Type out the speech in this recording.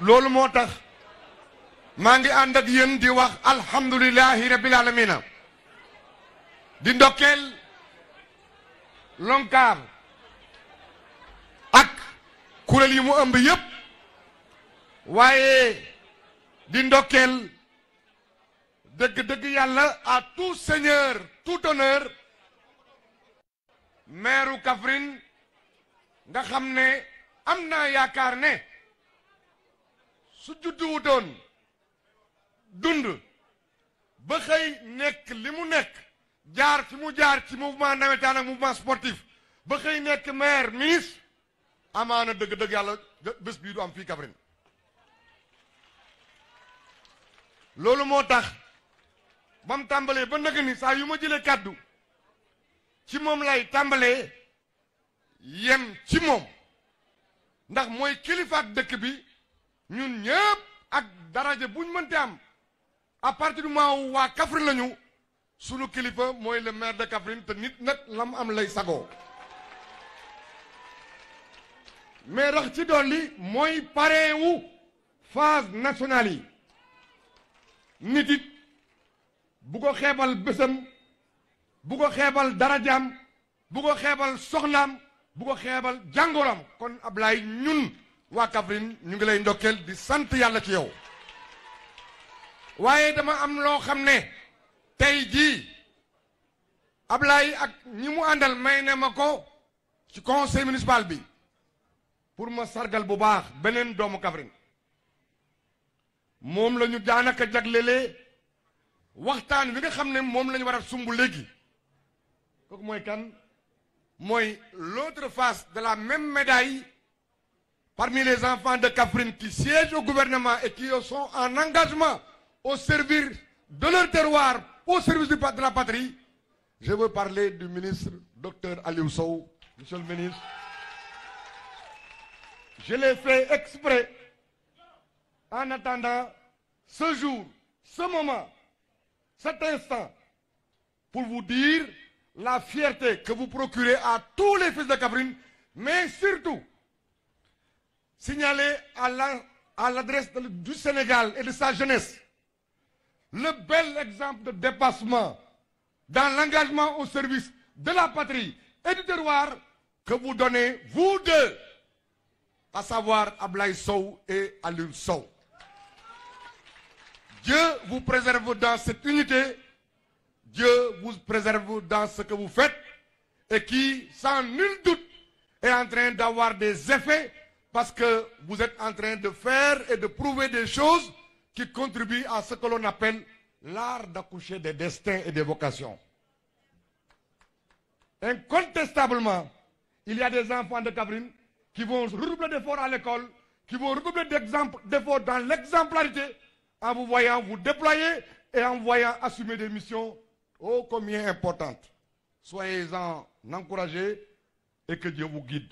loolu moo tax maa ngi ànd ak yéen di wax alhamdulilahi rabil alamina di ndokkeel lonkar ak kuréel yi mu ëmb yépp waaye di ndokkeel dëgg-dëgg yàlla à tout seigneur tout honneur maire Kaffrine nga xam ne am na yaakaar ne su judduwutoon dund ba xëy nekk li mu nekk jaar ci mu jaar ci mouvement nawetaan ak mouvement sportif ba xëy nekk maire ministre amaana dëgg-dëgg yàlla bés bii du am fii Kaffrine loolu moo tax ba mu tàmbalee ba nag saa yu ma jële kàddu ci moom lay tàmbalee yem ci moom ndax mooy kilifaat dëkk bi ñun ñëpp ak daraja buñ mënte am à partir du waa Kaffrine lañu sunu kilifa mooy le maire de Kaffrine te nit nag lam am lay sagoo mais rax ci dolli mooy parrain wu phase yi nit it bu ko xeebal bésam bu ko xeebal darajaam bu ko xeebal soxnaam bu ko xeebal jàngooram kon Ablaye ñun waa Kaffrine ñu ngi lay ndokkeel di sant yàlla ci yow waaye dama am loo xam ne tey jii ab Ablaye ak ñi mu àndal may ne ma ko ci conseil municipal bi pour ma sargal bu baax beneen doomu Kaffrine moom la ñu daanaka jaglelee waxtaan wi nga xam ne moom lañu war a sumb léegi kooku mooy kan mooy l'autre fas de la même médaille parmi les enfants de Kaffrine qui siègent au gouvernement et qui sont en engagement au service de leur terroir, au service de la patrie, je veux parler du ministre Dr Aliou Sow, monsieur le ministre. Je l'ai fait exprès en attendant ce jour, ce moment, cet instant, pour vous dire la fierté que vous procurez à tous les fils de Kaffrine, mais surtout signaler à l'adresse la, du Sénégal et de sa jeunesse le bel exemple de dépassement dans l'engagement au service de la patrie et du terroir que vous donnez, vous deux, à savoir Ablaï Sow et Alun Sow. Dieu vous préserve dans cette unité, Dieu vous préserve dans ce que vous faites et qui, sans nul doute, est en train d'avoir des effets parce que vous êtes en train de faire et de prouver des choses qui contribuent à ce que l'on appelle l'art d'accoucher des destins et des vocations. Incontestablement, il y a des enfants de Cabrine qui vont redoubler d'efforts à l'école, qui vont redoubler d'efforts dans l'exemplarité en vous voyant vous déployer et en voyant assumer des missions ô combien importantes. Soyez-en encouragés et que Dieu vous guide.